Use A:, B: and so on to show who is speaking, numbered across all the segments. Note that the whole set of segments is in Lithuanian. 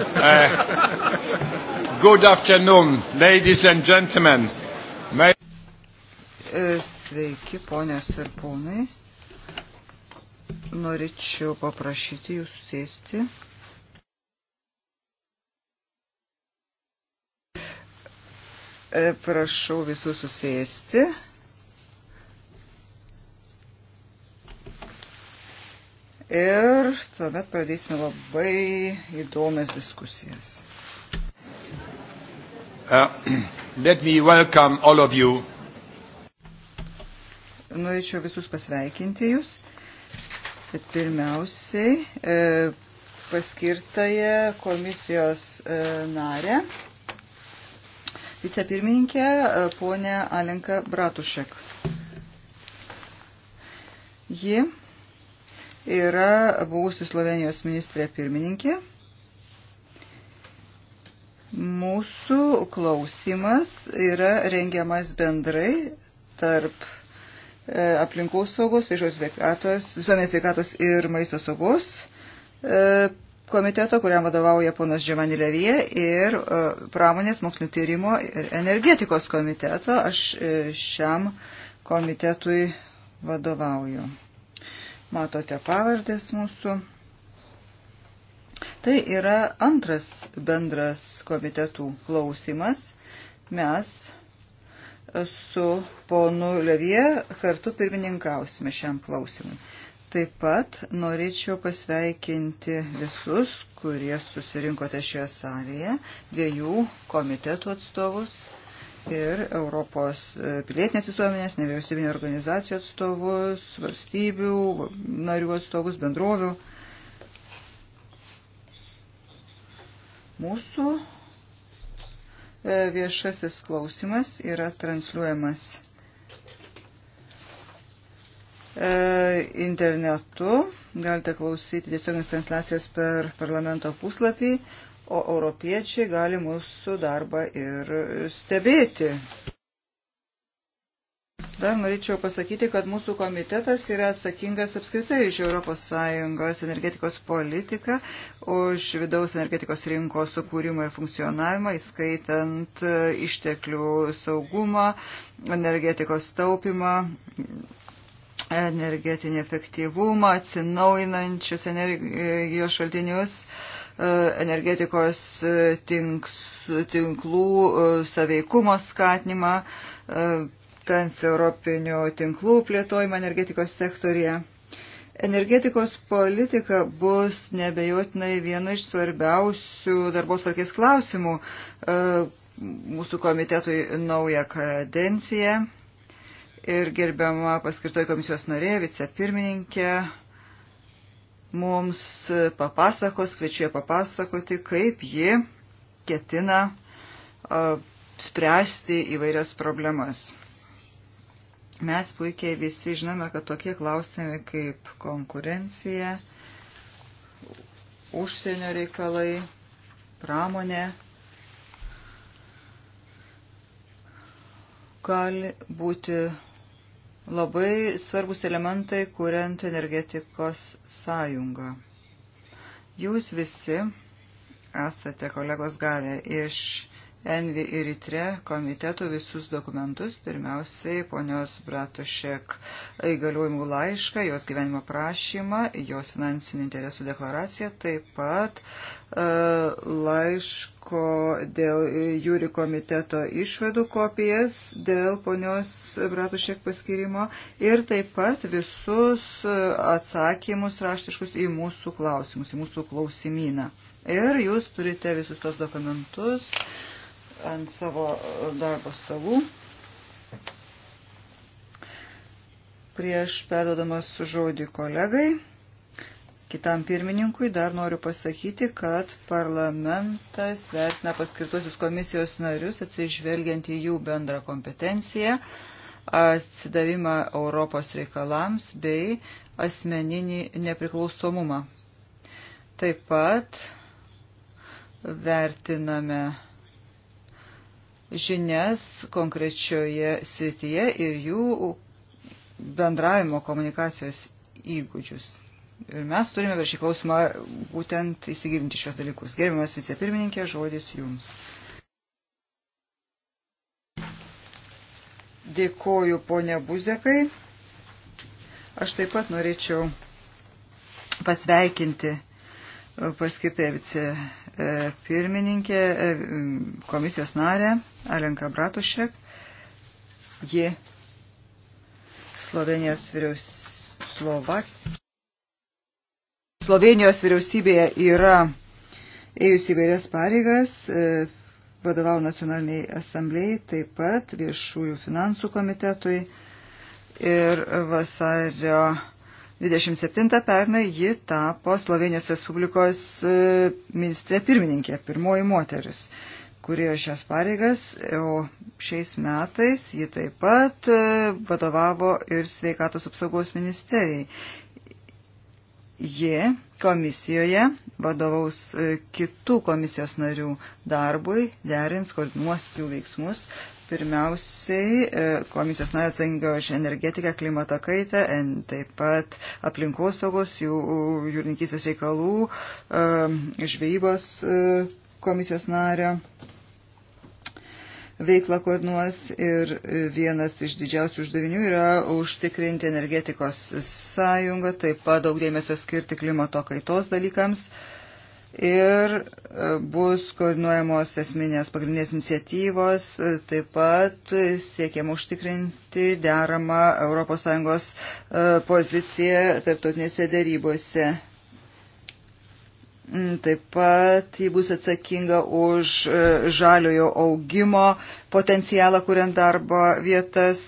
A: Uh, good afternoon, ladies and gentlemen. May... E, sveiki, ponios ir ponai. Norėčiau paprašyti jūs sėsti. E, prašau visų susėsti. Ir ir tuomet pradėsime labai įdomias diskusijas. Uh, let me welcome all of you. Norėčiau visus pasveikinti jūs. Bet pirmiausiai e, paskirtąją komisijos e, narę, vicepirmininkę e, ponę Alenką Bratušek. Ji yra buvusi Slovenijos ministrė pirmininkė. Mūsų klausimas yra rengiamas bendrai tarp e, aplinkos saugos, viešos sveikatos, visuomenės sveikatos ir maisto saugos e, komiteto, kuriam vadovauja ponas Džiovanį Levie ir e, pramonės mokslinio tyrimo ir energetikos komiteto. Aš šiam komitetui vadovauju matote pavardės mūsų. Tai yra antras bendras komitetų klausimas. Mes su ponu Levie kartu pirmininkausime šiam klausimui. Taip pat norėčiau pasveikinti visus, kurie susirinkote šioje salėje, dviejų komitetų atstovus ir Europos e, pilietinės visuomenės, nevyriausybinio organizacijų atstovus, valstybių, narių atstovus, bendrovių. Mūsų e, viešasis klausimas yra transliuojamas e, internetu. Galite klausyti tiesioginės transliacijas per parlamento puslapį o europiečiai gali mūsų darbą ir stebėti. Dar norėčiau pasakyti, kad mūsų komitetas yra atsakingas apskritai iš ES energetikos politiką, už vidaus energetikos rinkos sukūrimą ir funkcionavimą, įskaitant išteklių saugumą, energetikos taupimą, energetinį efektyvumą, atsinaujinančius energijos šaltinius energetikos e, tinks, tinklų e, saveikumo skatinimą, e, transeuropinių tinklų plėtojimą energetikos sektorija. Energetikos politika bus nebejotinai viena iš svarbiausių darbo tvarkės klausimų mūsų komitetui naują kadenciją. Ir gerbiama paskirtoji komisijos narė, vicepirmininkė, mums papasakos, kviečiu ją papasakoti, kaip ji ketina uh, spręsti įvairias problemas. Mes puikiai visi žinome, kad tokie klausimai kaip konkurencija, užsienio reikalai, pramonė gali būti labai svarbus elementai, kuriant energetikos sąjungą. Jūs visi esate kolegos gavę iš Envi ir Itre komitetų visus dokumentus, pirmiausiai ponios Bratušek įgaliojimų laišką, jos gyvenimo prašymą, jos finansinių interesų deklaraciją, taip pat e, laiško dėl jūri komiteto išvedų kopijas dėl ponios Bratušek paskirimo ir taip pat visus atsakymus raštiškus į mūsų klausimus, į mūsų klausimyną. Ir jūs turite visus tos dokumentus ant savo darbo stalų. Prieš perdodamas žodį kolegai, kitam pirmininkui dar noriu pasakyti, kad parlamentas vertina paskirtuosius komisijos narius atsižvelgiant į jų bendrą kompetenciją atsidavimą Europos reikalams bei asmeninį nepriklausomumą. Taip pat vertiname žinias konkrečioje srityje ir jų bendravimo komunikacijos įgūdžius. Ir mes turime per šį klausimą būtent įsigilinti šios dalykus. Gerbiamas vicepirmininkė, žodis jums. Dėkoju ponia Buzekai. Aš taip pat norėčiau pasveikinti paskirtąją vicepirmininkę, komisijos narę Alenką Bratušek. Ji Slovenijos vyriaus... Slovak... Slovenijos vyriausybėje yra ėjusi įvairias pareigas, e, vadovau nacionaliniai asamblėjai, taip pat viešųjų finansų komitetui ir vasario 27 pernai ji tapo Slovenijos Respublikos e, ministrė pirmininkė, pirmoji moteris, kurie šias pareigas, o šiais metais ji taip pat e, vadovavo ir sveikatos apsaugos ministerijai. Ji komisijoje vadovaus e, kitų komisijos narių darbui, derins, koordinuos jų veiksmus. Pirmiausiai e, komisijos nariai atsakinga už energetiką, klimato kaitą, taip pat aplinkosaugos, jų, jūrininkysės reikalų, e, žvejybos komisijos nario veiklą koordinuos ir vienas iš didžiausių uždavinių yra užtikrinti energetikos sąjungą, taip pat daug dėmesio skirti klimato kaitos dalykams ir e, bus koordinuojamos esminės pagrindinės iniciatyvos, e, taip pat siekiama užtikrinti deramą ES e, poziciją tarptautinėse dėrybose. Mm, taip pat ji bus atsakinga už e, žaliojo augimo potencialą, kuriant darbo vietas,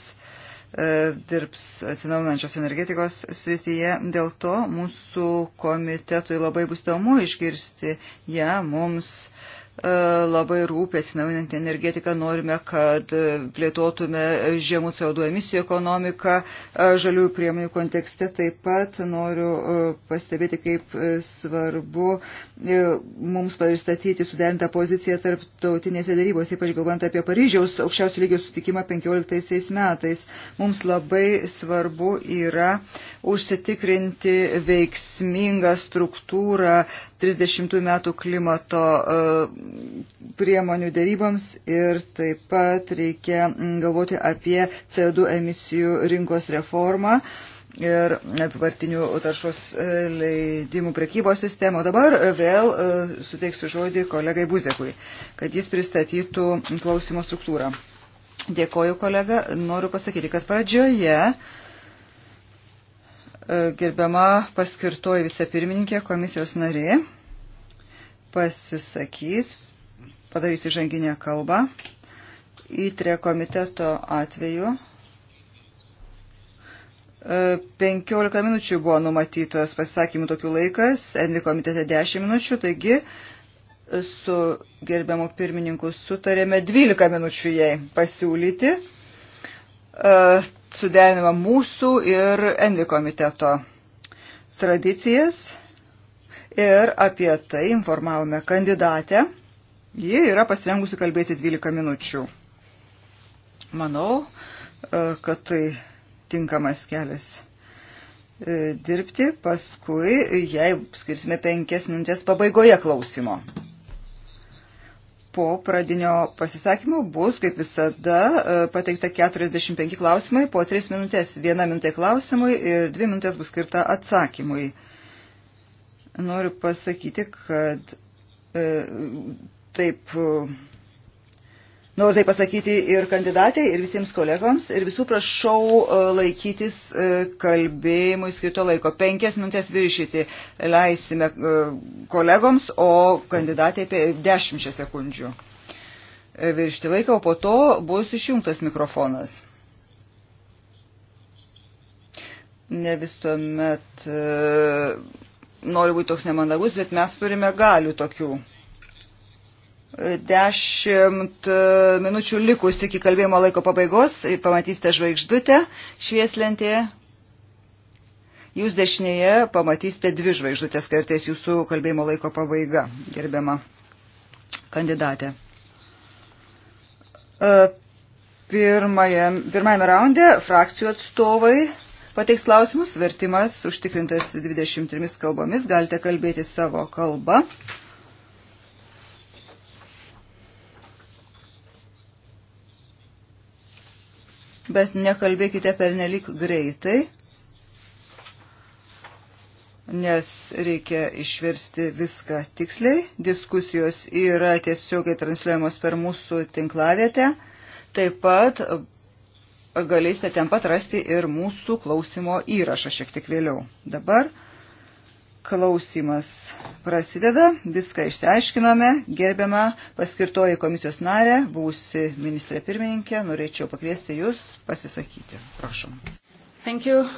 A: e, dirbs atsinaujinančios energetikos srityje. Dėl to mūsų komitetui labai bus įdomu išgirsti ją ja, mums. Uh, E, labai rūpėsi naujinant energetiką, norime, kad e, plėtotume žemų CO2 emisijų ekonomiką. E, žaliųjų priemonių kontekste taip pat noriu pastebėti, kaip svarbu mums pristatyti suderintą poziciją tarptautinėse darybose, ypač galvant apie Paryžiaus aukščiausių lygio sutikimą 15 metais. Mums labai svarbu yra užsitikrinti veiksmingą struktūrą 30 metų klimato priemonių dėryboms ir taip pat reikia mm, galvoti apie CO2 emisijų rinkos reformą ir apivartinių taršos e, leidimų prekybos sistemą. O dabar e, vėl e, suteiksiu žodį kolegai Buzekui, kad jis pristatytų klausimo struktūrą. Dėkoju, kolega. Noriu pasakyti, kad pradžioje gerbiama paskirtoji vicepirmininkė komisijos narė pasisakys, padarys įžanginę kalbą. Įtrė komiteto atveju 15 e, minučių buvo numatytas pasisakymų tokių laikas, Envi komitete 10 minučių, taigi e, su gerbiamu pirmininku sutarėme 12 minučių jai pasiūlyti, e, suderinimą mūsų ir Envi komiteto tradicijas ir apie tai informavome kandidatę. Ji yra pasirengusi kalbėti 12 minučių. Manau, e, kad tai tinkamas kelias e, dirbti, paskui jai skirsime penkias minutės pabaigoje klausimo. Po pradinio pasisakymo bus, kaip visada, e, pateikta 45 klausimai, po 3 minutės 1 minutė klausimui ir 2 minutės bus skirta atsakymui. Noriu pasakyti, kad e, taip. E, noriu tai pasakyti ir kandidatai, ir visiems kolegoms, ir visų prašau e, laikytis e, kalbėjimui skirto laiko. Penkias minutės viršyti leisime kolegoms, o kandidatai apie dešimčia sekundžių viršti laiką, o po to bus išjungtas mikrofonas. Ne visuomet. E, noriu būti toks nemandagus, bet mes turime galių tokių. Dešimt e, minučių likus iki kalbėjimo laiko pabaigos, e, pamatysite žvaigždutę švieslentėje. Jūs dešinėje pamatysite dvi žvaigždutės kartais jūsų kalbėjimo laiko pabaiga, gerbiama kandidatė. E, pirmajame, pirmajame raunde frakcijų atstovai pateiks klausimus, vertimas užtikrintas 23 kalbomis, galite kalbėti savo kalbą. Bet nekalbėkite pernelik greitai, nes reikia išversti viską tiksliai. Diskusijos yra tiesiogiai transliuojamos per mūsų tinklavietę. Taip pat galėsite ten pat rasti ir mūsų klausimo įrašą šiek tiek vėliau. Dabar klausimas prasideda, viską išsiaiškinome, gerbiama paskirtoji komisijos narė, būsi ministrė pirmininkė, norėčiau pakviesti Jūs pasisakyti. Prašom. Thank you.